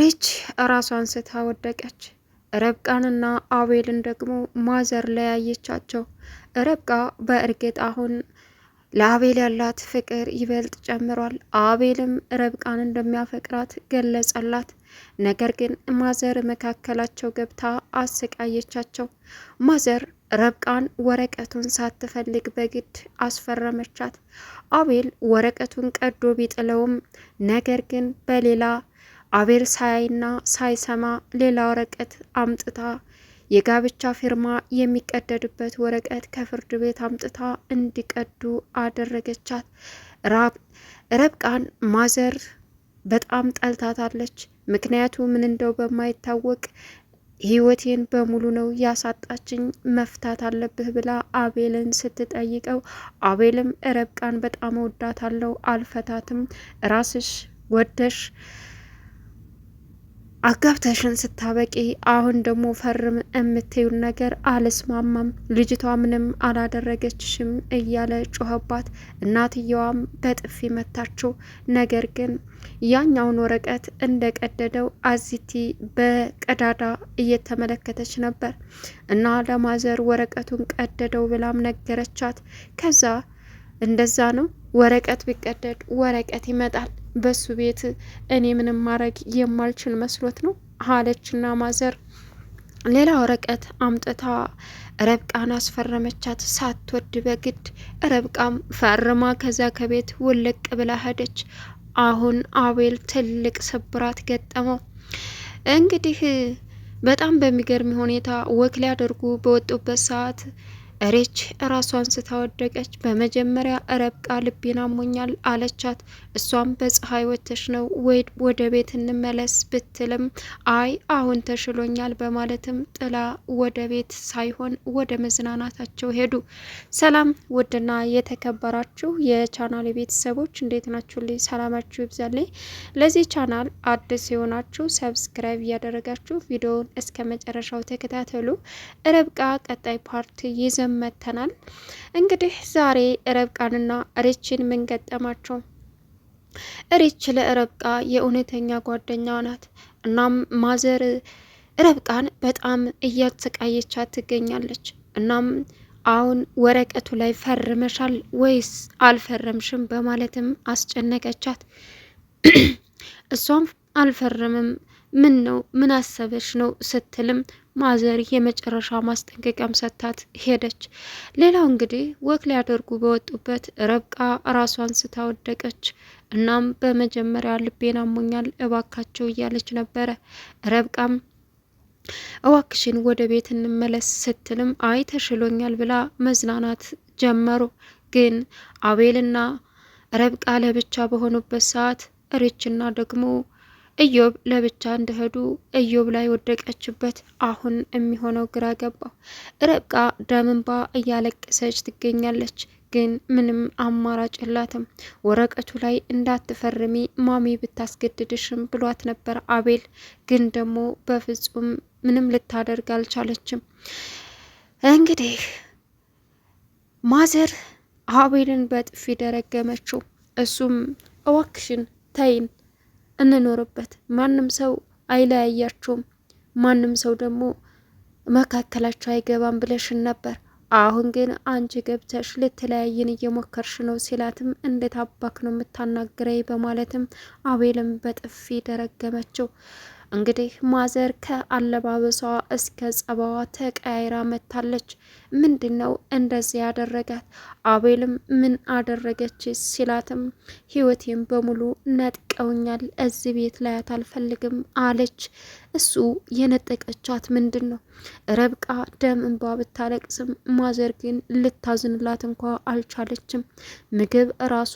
ሪች ራሷን ስታ ወደቀች። ረብቃንና አቤልን ደግሞ ማዘር ለያየቻቸው። ረብቃ በእርግጥ አሁን ለአቤል ያላት ፍቅር ይበልጥ ጨምሯል። አቤልም ረብቃን እንደሚያፈቅራት ገለጸላት። ነገር ግን ማዘር መካከላቸው ገብታ አሰቃየቻቸው። ማዘር ረብቃን ወረቀቱን ሳትፈልግ በግድ አስፈረመቻት። አቤል ወረቀቱን ቀዶ ቢጥለውም ነገር ግን በሌላ አቤል ሳያይና ሳይሰማ ሌላ ወረቀት አምጥታ የጋብቻ ፊርማ የሚቀደድበት ወረቀት ከፍርድ ቤት አምጥታ እንዲቀዱ አደረገቻት። ረብቃን ማዘር በጣም ጠልታታለች። ምክንያቱ ምን እንደው በማይታወቅ ህይወቴን በሙሉ ነው ያሳጣችኝ፣ መፍታት አለብህ ብላ አቤልን ስትጠይቀው አቤልም ረብቃን በጣም እወዳታለሁ፣ አልፈታትም፣ ራስሽ ወደሽ አጋብተሽን ስታበቂ አሁን ደግሞ ፈርም የምትዩን ነገር አልስማማም፣ ልጅቷ ምንም አላደረገችሽም እያለ ጮኸባት። እናትየዋም በጥፊ መታችው። ነገር ግን ያኛውን ወረቀት እንደቀደደው አዚቲ በቀዳዳ እየተመለከተች ነበር እና ለማዘር ወረቀቱን ቀደደው ብላም ነገረቻት። ከዛ እንደዛ ነው ወረቀት ቢቀደድ ወረቀት ይመጣል በሱ ቤት እኔ ምንም ማድረግ የማልችል መስሎት ነው አለችና ማዘር ሌላ ወረቀት አምጥታ ረብቃን አስፈረመቻት ሳትወድ በግድ ረብቃም ፈርማ ከዛ ከቤት ውልቅ ብላ ሄደች። አሁን አቤል ትልቅ ስብራት ገጠመው። እንግዲህ በጣም በሚገርም ሁኔታ ወክ ሊያደርጉ በወጡበት ሰዓት እሬች ራሷን ስታወደቀች በመጀመሪያ ረብቃ ልቤን አሞኛል አለቻት። እሷም በፀሐይ ወተሽ ነው ወይ ወደ ቤት እንመለስ ብትልም አይ አሁን ተሽሎኛል በማለትም ጥላ ወደ ቤት ሳይሆን ወደ መዝናናታቸው ሄዱ። ሰላም ውድና የተከበራችሁ የቻናል ቤተሰቦች እንዴት ናችሁልኝ? ሰላማችሁ ይብዛልኝ። ለዚህ ቻናል አዲስ የሆናችሁ ሰብስክራይብ እያደረጋችሁ ቪዲዮውን እስከ መጨረሻው ተከታተሉ። ረብቃ ቀጣይ ፓርት ይዘም ይዘን መጥተናል። እንግዲህ ዛሬ ረብቃንና ሪችን ምን ገጠማቸው? ሪች ለረብቃ የእውነተኛ ጓደኛ ናት። እናም ማዘር ረብቃን በጣም እያሰቃየቻት ትገኛለች። እናም አሁን ወረቀቱ ላይ ፈርመሻል ወይስ አልፈረምሽም በማለትም አስጨነቀቻት። እሷም አልፈርምም ምን ነው ምን አሰበች ነው ስትልም ማዘር የመጨረሻ ማስጠንቀቂያም ሰጥታት ሄደች። ሌላው እንግዲህ ወክ ሊያደርጉ በወጡበት ረብቃ ራሷን ስታወደቀች፣ እናም በመጀመሪያ ልቤን አሞኛል እባካቸው እያለች ነበረ። ረብቃም እዋክሽን ወደ ቤት እንመለስ ስትልም አይ ተሽሎኛል ብላ መዝናናት ጀመሩ። ግን አቤልና ረብቃ ለብቻ በሆኑበት ሰዓት እሬችና ደግሞ ኢዮብ ለብቻ እንደሄዱ ኢዮብ ላይ ወደቀችበት። አሁን የሚሆነው ግራ ገባው። ረብቃ ደምንባ እያለቀሰች ትገኛለች። ግን ምንም አማራጭ የላትም። ወረቀቱ ላይ እንዳትፈርሚ ማሚ ብታስገድድሽም ብሏት ነበር አቤል። ግን ደግሞ በፍጹም ምንም ልታደርግ አልቻለችም። እንግዲህ ማዘር አቤልን በጥፊ ደረገመችው። እሱም እዋክሽን ተይን እንኖርበት። ማንም ሰው አይለያያችሁም፣ ማንም ሰው ደግሞ መካከላቸው አይገባም ብለሽን ነበር። አሁን ግን አንቺ ገብተሽ ልትለያይን እየሞከርሽ ነው ሲላትም እንዴት አባክ ነው የምታናግረኝ በማለትም አቤልም በጥፊ ደረገመችው። እንግዲህ ማዘር ከአለባበሷ እስከ ጸባዋ ተቀያይራ መታለች። ምንድን ነው እንደዚህ ያደረጋት? አቤልም ምን አደረገች ሲላትም ህይወቴም በሙሉ ነጥቀውኛል፣ እዚህ ቤት ላያት አልፈልግም አለች። እሱ የነጠቀቻት ምንድን ነው? ረብቃ ደም እንባ ብታለቅስም ማዘር ግን ልታዝንላት እንኳ አልቻለችም። ምግብ ራሱ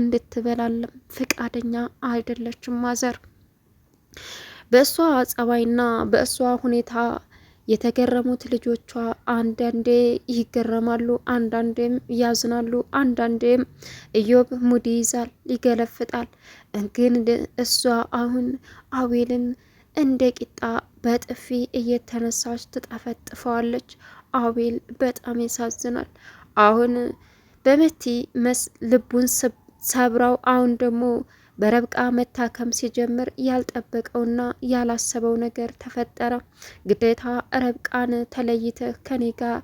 እንድትበላለም ፈቃደኛ አይደለችም ማዘር በእሷ ጸባይና በእሷ ሁኔታ የተገረሙት ልጆቿ አንዳንዴ ይገረማሉ፣ አንዳንዴም ያዝናሉ፣ አንዳንዴም እዮብ ሙድ ይይዛል፣ ይገለፍጣል። ግን እሷ አሁን አቤልን እንደ ቂጣ በጥፊ እየተነሳች ትጠፈጥፈዋለች። አቤል በጣም ያሳዝናል። አሁን በመቲ መስ ልቡን ሰብራው አሁን ደግሞ በረብቃ መታከም ሲጀምር ያልጠበቀውና ያላሰበው ነገር ተፈጠረ። ግዴታ ረብቃን ተለይተህ ከኔ ጋር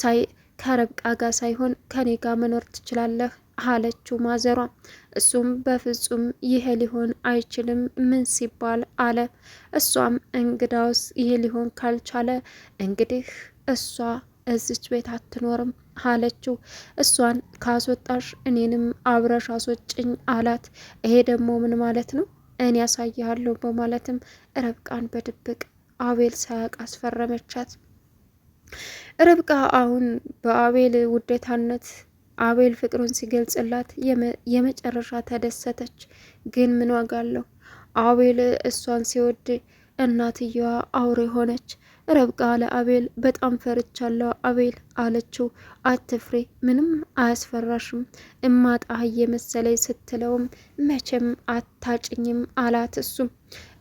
ሳይ ከረብቃ ጋር ሳይሆን ከኔ ጋር መኖር ትችላለህ አለችው ማዘሯ። እሱም በፍጹም ይሄ ሊሆን አይችልም ምን ሲባል አለ። እሷም እንግዳውስ ይሄ ሊሆን ካልቻለ እንግዲህ እሷ እዚች ቤት አትኖርም አለችው። እሷን ካስወጣሽ እኔንም አብረሽ አስወጭኝ አላት። ይሄ ደግሞ ምን ማለት ነው? እኔ ያሳይሃለሁ በማለትም ረብቃን በድብቅ አቤል ሳያቅ አስፈረመቻት። ርብቃ አሁን በአቤል ውዴታነት አቤል ፍቅሩን ሲገልጽላት የመጨረሻ ተደሰተች። ግን ምን ዋጋ አለው? አቤል እሷን ሲወድ እናትየዋ አውሬ ሆነች። ረብቃ ለአቤል በጣም ፈርቻለሁ አቤል አለችው። አትፍሬ ምንም አያስፈራሽም እማጣህ እየመሰለኝ ስትለውም መቼም አታጭኝም አላት። እሱም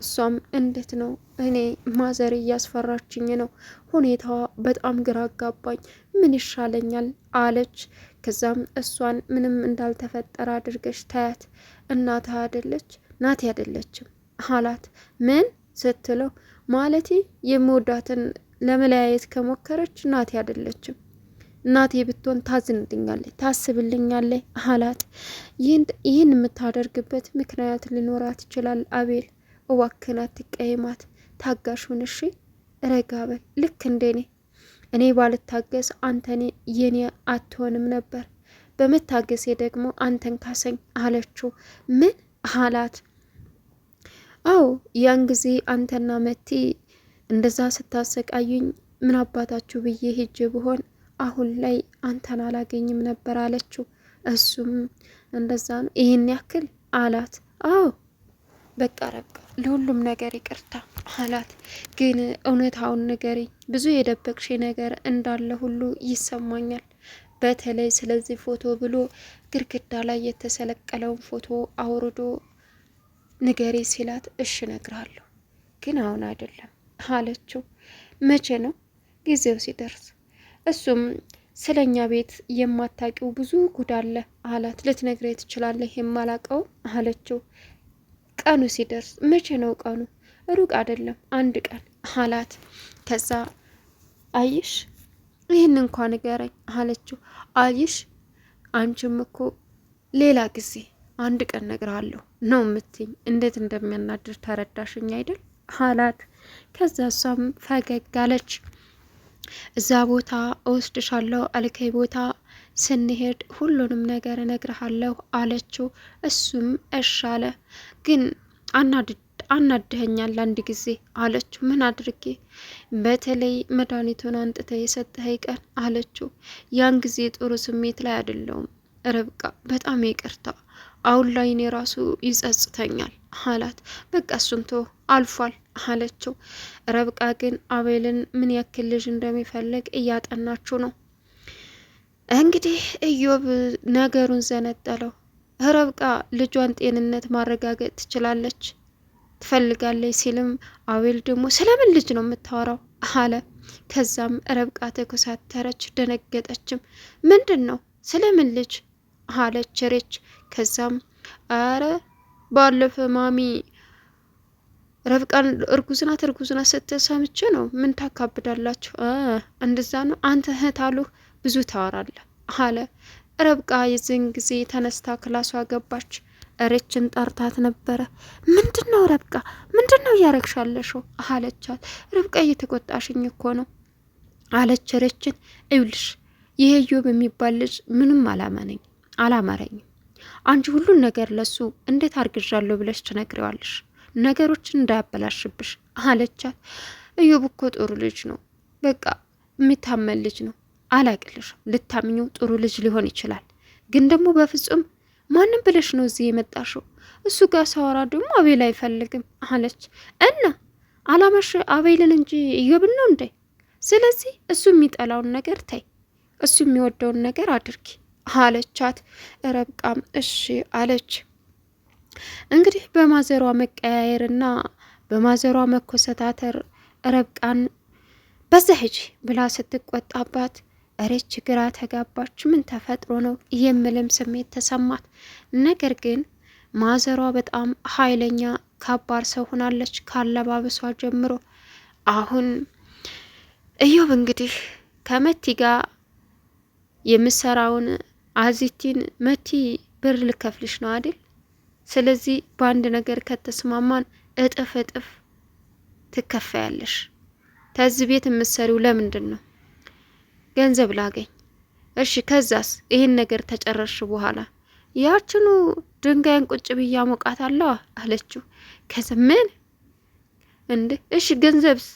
እሷም እንዴት ነው እኔ ማዘር እያስፈራችኝ ነው፣ ሁኔታዋ በጣም ግራ አጋባኝ፣ ምን ይሻለኛል አለች። ከዛም እሷን ምንም እንዳልተፈጠረ አድርገሽ ታያት፣ እናትህ አደለች ናት ያደለችም አላት። ምን ስትለው ማለቴ የምወዳትን ለመለያየት ከሞከረች እናቴ አይደለችም። እናቴ ብትሆን ታዝንልኛለች፣ ታስብልኛለች አላት። ይህን የምታደርግበት ምክንያት ሊኖራት ይችላል። አቤል እዋክን አትቀይማት፣ ታጋሽ ሁን እሺ። ረጋ በል ልክ እንደኔ። እኔ ባልታገስ አንተኔ የኔ አትሆንም ነበር፣ በመታገሴ ደግሞ አንተን ካሰኝ አለችው። ምን አላት? አዎ ያን ጊዜ አንተና መቲ እንደዛ ስታሰቃዩኝ ምን አባታችሁ ብዬ ሄጄ ብሆን አሁን ላይ አንተን አላገኝም ነበር አለችው። እሱም እንደዛ ነው ይህን ያክል አላት። አዎ በቃ ረብቃ ለሁሉም ነገር ይቅርታ አላት። ግን እውነታውን ንገሪኝ፣ ብዙ የደበቅሽ ነገር እንዳለ ሁሉ ይሰማኛል። በተለይ ስለዚህ ፎቶ ብሎ ግድግዳ ላይ የተሰለቀለውን ፎቶ አውርዶ ንገሬ ሲላት እሽ እነግርሃለሁ፣ ግን አሁን አይደለም አለችው። መቼ ነው? ጊዜው ሲደርስ። እሱም ስለኛ ቤት የማታውቂው ብዙ ጉድ አለ አላት። ልትነግሬ ትችላለህ የማላውቀው አለችው። ቀኑ ሲደርስ። መቼ ነው ቀኑ? ሩቅ አይደለም አንድ ቀን አላት። ከዛ አይሽ ይህን እንኳ ንገረኝ አለችው። አይሽ አንቺም እኮ ሌላ ጊዜ አንድ ቀን ነግርሃለሁ ነው የምትኝ። እንዴት እንደሚያናድር ተረዳሽኝ አይደል አላት። ከዛ እሷም ፈገግ አለች። እዛ ቦታ እወስድሻለሁ አልከኝ ቦታ ስንሄድ ሁሉንም ነገር እነግርሃለሁ አለችው። እሱም እሺ አለ። ግን አናድህኛል አንድ ጊዜ አለችው። ምን አድርጌ? በተለይ መድኃኒቱን አንጥተ የሰጠኸኝ ቀን አለችው። ያን ጊዜ ጥሩ ስሜት ላይ አይደለሁም ርብቃ፣ በጣም ይቅርታ አሁን ላይ እኔ ራሱ ይጸጽተኛል አላት። በቃ እሱን ቶ አልፏል አለችው። ረብቃ ግን አቤልን ምን ያክል ልጅ እንደሚፈልግ እያጠናችው ነው። እንግዲህ እዮብ ነገሩን ዘነጠለው። ረብቃ ልጇን ጤንነት ማረጋገጥ ትችላለች ትፈልጋለች ሲልም አቤል ደግሞ ስለምን ልጅ ነው የምታወራው አለ። ከዛም ረብቃ ተኮሳተረች፣ ደነገጠችም። ምንድን ነው ስለምን ልጅ አለች ሬች ከዛም አረ ባለፈ ማሚ ረብቃን እርጉዝ ናት እርጉዝ ናት ስትል ሰምቼ ነው። ምን ታካብዳላችሁ? እንደዛ ነው አንተ እህት ብዙ ታወራለህ አለ። ረብቃ የዚህን ጊዜ ተነስታ ክላሷ ገባች። እርችን ጠርታት ነበረ። ምንድን ነው ረብቃ፣ ምንድን ነው እያረግሻለሽው? አለቻት። ረብቃ እየተቆጣሽኝ እኮ ነው አለች እርችን። እዩልሽ ይሄ ዮብ የሚባል ልጅ ምንም አላማነኝ አላማረኝም አንቺ ሁሉን ነገር ለሱ እንዴት አርግዣለሁ ብለሽ ትነግሪዋለሽ፣ ነገሮችን እንዳያበላሽብሽ አለቻት። እዮብ እኮ ጥሩ ልጅ ነው፣ በቃ የሚታመን ልጅ ነው። አላቅልሽም፣ ልታምኚው ጥሩ ልጅ ሊሆን ይችላል፣ ግን ደግሞ በፍጹም ማንም ብለሽ ነው እዚህ የመጣሽው? እሱ ጋር ሳወራ ደግሞ አቤል አይፈልግም አለች። እና አላማሽ አቤልን እንጂ እዮብን ነው እንዴ? ስለዚህ እሱ የሚጠላውን ነገር ተይ፣ እሱ የሚወደውን ነገር አድርጊ አለቻት። ረብቃም እሺ አለች። እንግዲህ በማዘሯ መቀያየርና በማዘሯ መኮሰታተር ረብቃን በዛ ሂጂ ብላ ስትቆጣባት እሬች ግራ ተጋባች። ምን ተፈጥሮ ነው የምልም ስሜት ተሰማት። ነገር ግን ማዘሯ በጣም ኃይለኛ ከባድ ሰው ሆናለች፣ ካለባበሷ ጀምሮ። አሁን እዮብ እንግዲህ ከመቲ ጋር የምሰራውን አዚቲን መቲ ብር ልከፍልሽ ነው አይደል? ስለዚህ በአንድ ነገር ከተስማማን እጥፍ እጥፍ ትከፋያለሽ። ከዚህ ቤት የምትሰሪው ለምንድን ነው? ገንዘብ ላገኝ። እሺ፣ ከዛስ? ይህን ነገር ተጨረሽ በኋላ ያችኑ ድንጋይን ቁጭ ሞቃት አለዋ አለችው። ከዚ ምን እንደ እሺ፣ ገንዘብስ?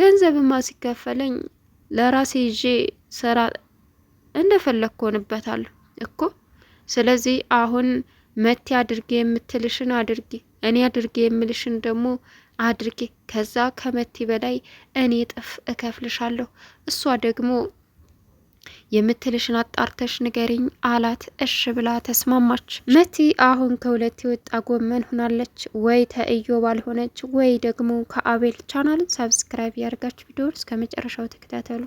ገንዘብማ ሲከፈለኝ ለራሴ ይዤ ስራ እንደፈለግኩ ሆንበታለሁ። እኮ። ስለዚህ አሁን መቴ አድርጌ የምትልሽን አድርጌ እኔ አድርጌ የምልሽን ደግሞ አድርጌ ከዛ ከመቴ በላይ እኔ እጥፍ እከፍልሻለሁ። እሷ ደግሞ የምትልሽን አጣርተሽ ንገሪኝ አላት። እሽ ብላ ተስማማች። መቲ አሁን ከሁለት የወጣ ጎመን ሆናለች። ወይ ተእዮ ባልሆነች ወይ ደግሞ ከአቤል ቻናል ሳብስክራይብ ያደርጋችሁ ቪዲዮን እስከ መጨረሻው ተከታተሉ።